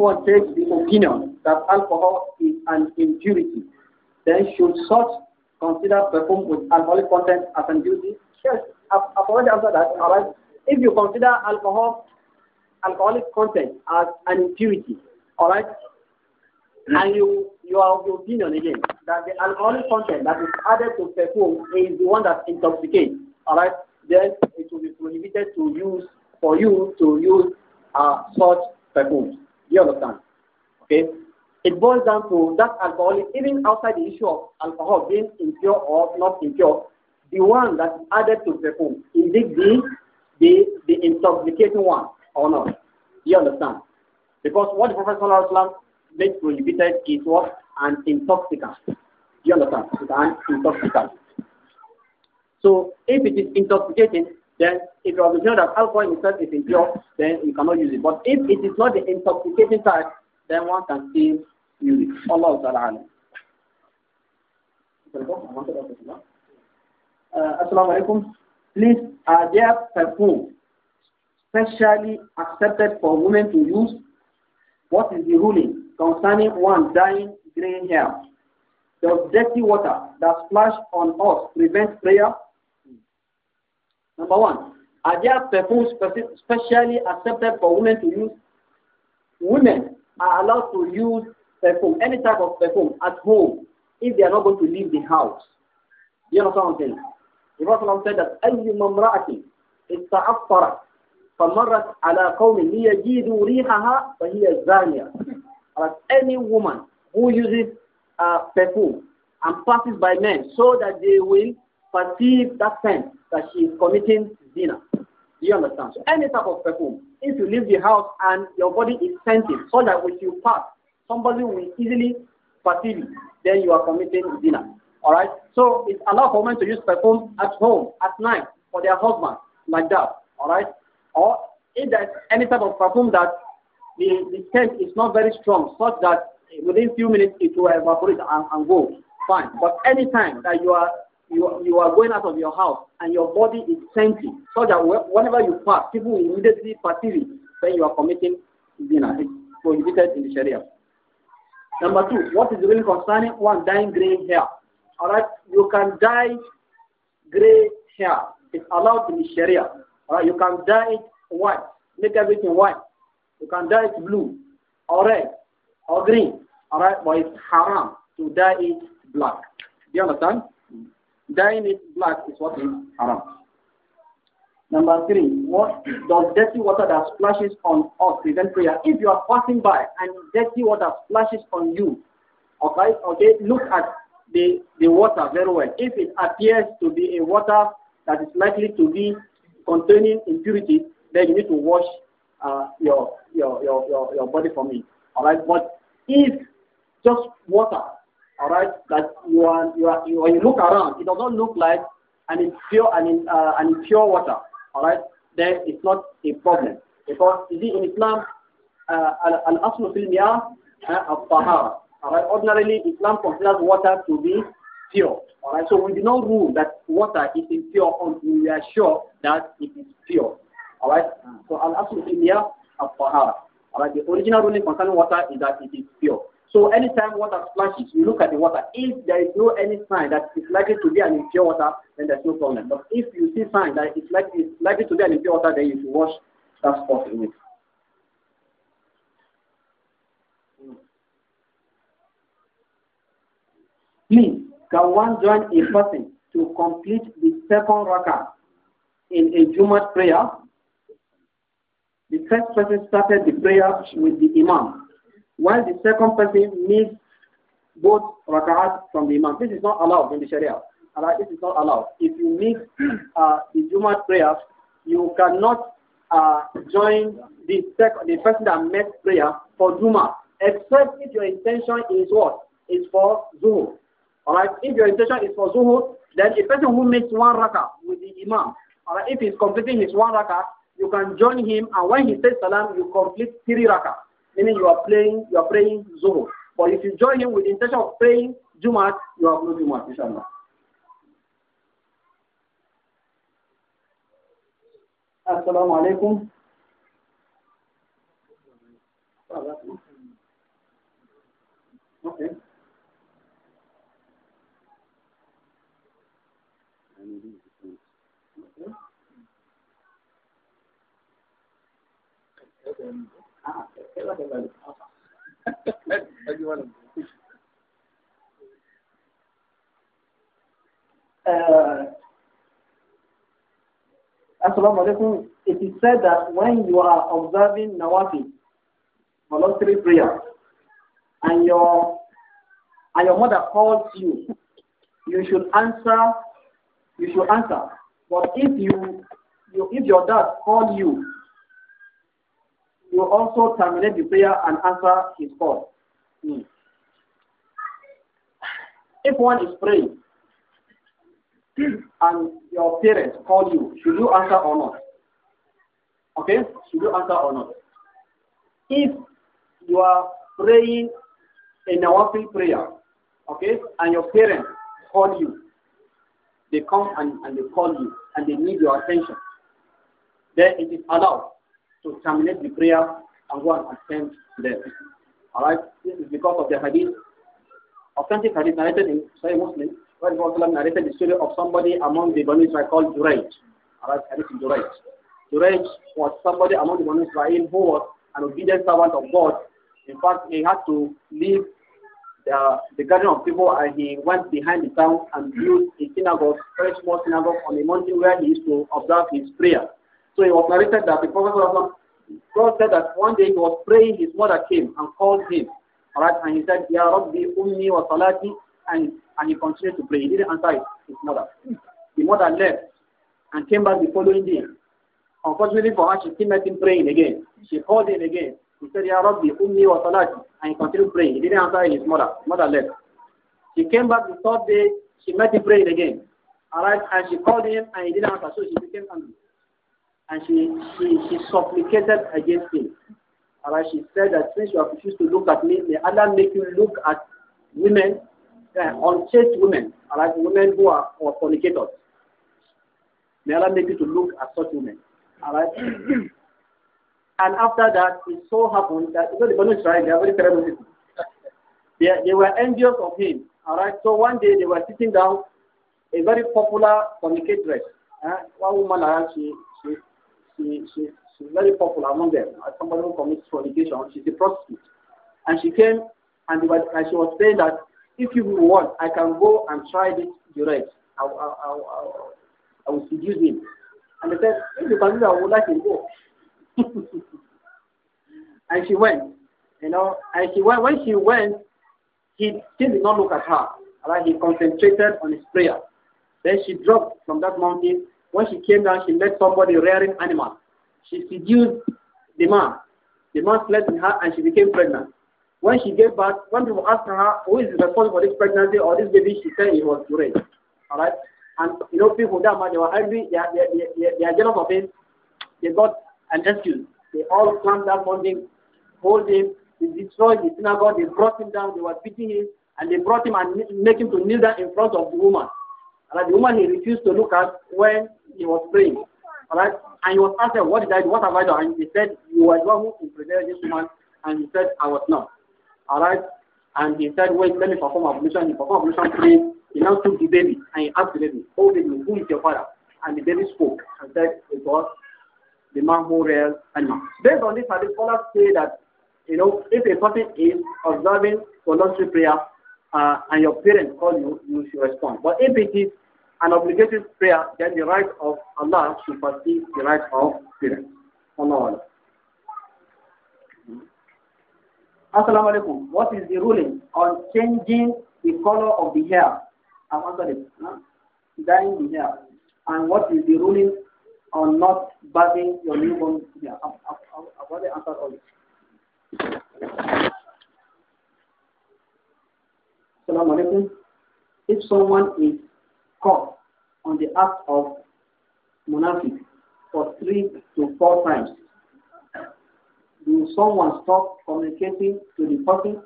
therefore takes the opinion that alcohol is an impurity, then should such consider perfume with alcoholic content as an duty? Yes, I've, I've already answered that. All right. If you consider alcohol, alcoholic content as an impurity, all right, and you you are the opinion again that the alcoholic content that is added to perfume is the one that intoxicates, all right, then it will be prohibited to use for you to use uh, such perfumes. You understand? Okay? It boils down to that Alcohol, even outside the issue of alcohol being impure or not impure, the one that is added to perfume, indeed the, the, the intoxicating one or not. You understand? Because what the Prophet ﷺ made prohibited is what? An intoxicant. You understand? It's an intoxicant. So if it is intoxicating, then if your opinion that alcohol itself is impure, then you cannot use it. But if it is not the intoxicating type, then one can still use it. Allah Ta'ala. Uh, Assalamu alaikum. Please, are there perfumes specially accepted for women to use? What is the ruling concerning one dyeing green hair? Does dirty water that splash on us prevent prayer? Number one, are there perfumes specially accepted for women to use? Women are allowed to use perfume, any type of perfume, at home if they are not going to leave the house. You understand what I'm saying? The Prophet said that أي امرأة استعفرت فمرت على قوم ليجدوا ريحها فهي زانية. any woman who uses uh, perfume and passes by men so that they will perceive that sense that she is committing zina. Do you understand? So any type of perfume, if you leave the house and your body is scented, so that when you pass, somebody will easily perceive it, then you are committing zina. All right. So it's allowed for men to use perfume at home at night for their husband, like that. All right. Or if there's any type of perfume that the, the scent is not very strong, such that within few minutes it will evaporate and, and go. Fine. But any time that you are you, you are going out of your house and your body is empty, so that whenever you pass, people will immediately perceive it when you are committing zina. It's prohibited in the Sharia. Number two, what is really concerning one dying gray hair. All right, you can dye gray hair. It's allowed in the Sharia. All right, you can dye it white, make everything white. You can dye it blue, or red, or green. All right, but it's haram to dye it black. Do you understand? dyeing it black is what is haram. Number three, what does dirty water that splashes on us prevent prayer? If you are passing by and dirty water splashes on you, okay, okay, look at the, the water very well. If it appears to be a water that is likely to be containing impurity, then you need to wash uh, your, your, your, your, your body from it. All right, but if just water all right, that you are, you are, you, when you look around, it does not look like an impure, an, in, uh, an impure water, all right, then it's not a problem. Because, you see, in Islam, uh, al-aslu fil miyah eh, al-tahara, all right, ordinarily Islam considers water to be pure, all right, so we do not rule that water is impure until we are sure that it is pure, all right, so al-aslu fil miyah al-tahara. All right, the original ruling concerning water is that it is so anytime water splashes, you look at the water. If there is no any sign that it's likely to be an impure water, then there's no problem. But if you see sign that it's likely, it's likely to be an impure water, then you should wash that spot in it. Please, can one join a person to complete the second rakah in a Jumat prayer? The first person started the prayer with the imam while the second person needs both rak'ahs from the imam. This is not allowed in the Sharia. Right? This is not allowed. If you miss uh, the Juma prayer, you cannot uh, join the, sec- the person that missed prayer for Juma, except if your intention is what? Is for Zuhur. Alright, if your intention is for Zuhur, then a person who makes one rak'ah with the imam, alright, if he's completing his one rak'ah, you can join him, and when he says salam, you complete three rak'ah meaning you are playing, you are praying Zuhur. But if you join him with the intention of praying Jumat, you have no Jumat, inshallah. Assalamu alaikum. Okay. alaikum, it is said that when you are observing Nawafi, voluntary prayer, and your and your mother calls you, you should answer. You should answer. But if you, you if your dad calls you, you also terminate the prayer and answer his call. Mm. If one is praying and your parents call you, should you answer or not? Okay? Should you answer or not? If you are praying a Nawafil prayer, okay, and your parents call you, they come and, and they call you and they need your attention, then it is allowed to terminate the prayer and go and attend to them. Alright? This is because of the hadith, authentic hadith narrated in Sahih Muslim Prophet narrated the story of somebody among the Banu Israel called Jurayj. Alright, Jurayj. Jurayj was somebody among the Banu Israel who was an obedient servant of God. In fact, he had to leave the, the garden of people and he went behind the town and built a synagogue, a very small synagogue on a mountain where he used to observe his prayer. So it was narrated that the Prophet God said that one day he was praying, his mother came and called him. Alright, and he said, Ya Rabbi, Ummi wa Salati and, and he continued to pray. He didn't answer his mother. The mother left and came back the following day. Unfortunately for her, she still met him praying again. She called him again. He said, Ya Rabbi, Ummi wa Salati. And he continued praying. He didn't answer his mother. mother left. She came back the third day. She met him praying again. Alright, and she called him and he didn't answer. So she became angry. And she, she, she supplicated against him. Arrived. she said that since you have refused to look at me, may Allah make you look at women uh, unchaste women, are like women who are or fornicators. May Allah make you to look at such women. Alright? and after that, it so happened that you know the Banu Israel, they are very terrible people. They, they were envious of him. Alright, so one day they were sitting down, a very popular fornicatress. Uh, one woman, uh, she, she, she, she, she's very popular among them. As uh, somebody who commits fornication, she's a prostitute. And she came and, were, and she was saying that if you want, I can go and try this Direct, I, I, I, I will seduce him. And they said, if you can do that, I would like him go. and she went, you know, and she went, when she went, he still did not look at her. Right? He concentrated on his prayer. Then she dropped from that mountain. When she came down, she met somebody rearing animals. She seduced the man. The man slept with her and she became pregnant. When she gave birth, when people asked her who is responsible for this pregnancy or this baby, she said it was Zurayn. All right, and you know people that much they were angry, they are, they, they, they are jealous of him. They got an excuse. They all planned that morning, hold him, they destroyed the synagogue, they brought him down, they were beating him, and they brought him and make him to kneel down in front of the woman. All right, the woman he refused to look at when he was praying. All right, and he was asked, "What did I do? What have I done?" And he said, "You were the one who impregnated this woman," and he said, "I was not." arrived and he said, wait, let me perform ablution. He performed ablution three. He now took the baby and he asked the baby, oh baby, who is your father? And the baby spoke and said, it was the man who raised animals. Based on this, the scholars say that, you know, if a person is observing voluntary prayer uh, and your parents call you, you should respond. But if it is an obligatory prayer, then the right of Allah should supersedes the right of parents. Allah Allah. Assalamu alaikum. What is the ruling on changing the color of the hair? i am answered it. Huh? the hair. And what is the ruling on not bathing your newborn hair? I've, i I've already answered all this. Assalamu alaikum. If someone is caught on the act of monarchy for three to four times, Will someone stop communicating to the person?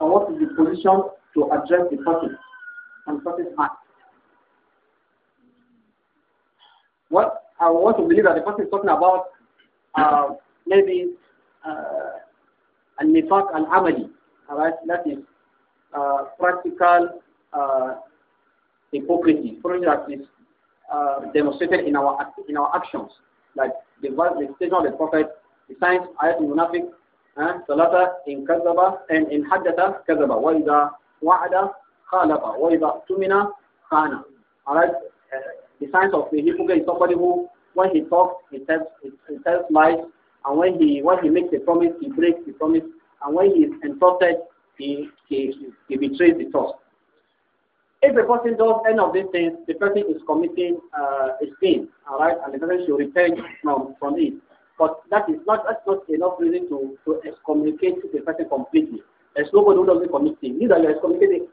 Or what is the position to address the person and person's act? What I uh, want to believe that the person is talking about uh, maybe uh, al-nifaq al-amali, right? That is uh, practical uh, hypocrisy, something that is uh, demonstrated in our in our actions, like the, the statement of the prophet Besides ayat munafiq, ثلاثة إن كذب and in إن حدث كذب وإذا وعد خالف وإذا اؤتمن khana. Alright, the signs of the hypocrite is somebody who, when he talks, he tells, he, he tells lies, and when he when he makes a promise, he breaks the promise, and when he is entrusted, he, he, he betrays the trust. If a person does any of these things, the person is committing uh, a sin, all right, and the person should repent from, from it. But that is not that's not enough reason to, to excommunicate the person completely. There's nobody who doesn't commit sin. Either you excommunicating,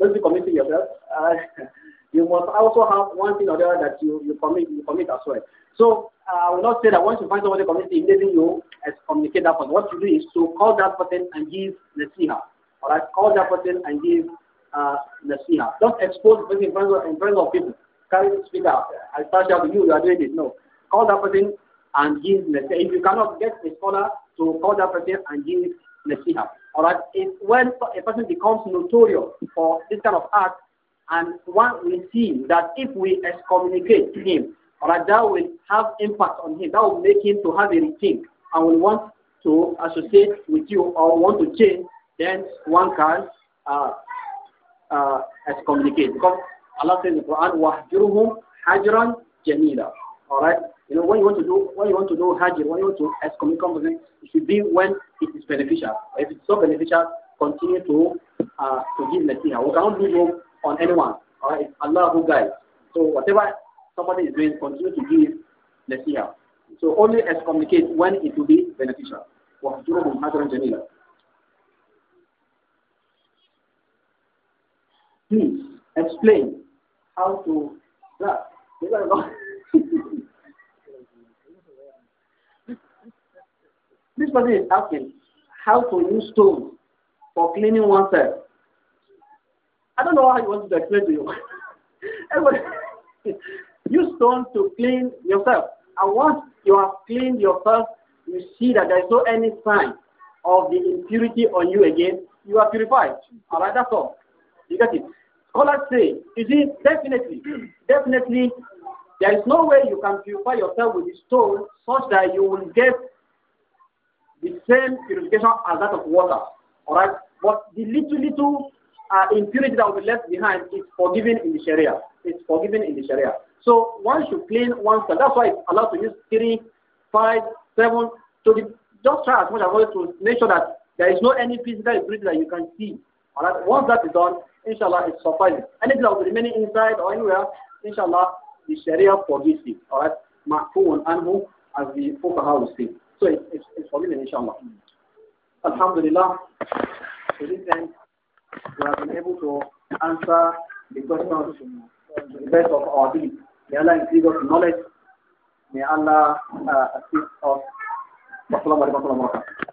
doesn't be committing yourself. Uh, you must also have one thing or the other that you, you commit you commit as well. So uh, I will not say that once you find somebody committing immediately you excommunicate that person. What you do is to call that person and give nasiha. Alright, call that person and give uh, nasiha. Don't expose the person in front of, in front of people. Can't speak out. I start shouting, you, you are doing this. No. Call that person and give nasiha. If you cannot get a scholar to call that person and give nasiha. Alright, if when a person becomes notorious for this kind of act, and one we see that if we excommunicate him, alright, that will have impact on him. That will make him to have a rethink and will want to associate with you or want to change. Then one can uh, uh, excommunicate because Allah says in the Quran, "Wahjuruhum hajran jamila." Alright, you know, when you want to do when you want to do hajj, when you want to excommunicate something, it should be when it is beneficial. If it's not beneficial, continue to uh, to give nasiha. We cannot do wrong on anyone. All right, it's Allah who guides. So whatever somebody is doing, continue to give nasiha. So only excommunicate when it will be beneficial. واهجرهم Please explain how to. Yeah, This person is asking how to use stones for cleaning oneself. I don't know how I want to explain to you. use stones to clean yourself. And once you have cleaned yourself, you see that there is no any sign of the impurity on you again. You are purified. All right, that's all. You get it? Scholars say, you see, definitely, definitely, there is no way you can purify yourself with a stone such that you will get same purification as that of water. All right, but the little little uh, impurity that will be left behind is forgiven in the Sharia. It's forgiven in the Sharia. So one should clean oneself. That's why it's allowed to use three, five, seven. So the, just try as much as possible to make sure that there is no any physical impurity that you can see. All right. Once that is done, inshallah, it's suffices. Anything that will remain inside or anywhere, inshallah, the Sharia forgives it. All right. and anhu, as the Fuqaha will say. So it's, it's, it's forgiven, inshallah. Alhamdulillah, to this end, we have been able to answer the questions to the best of our deeds. May Allah increase our knowledge. May Allah uh, assist us. Wassalamu alaikum warahmatullahi wabarakatuh.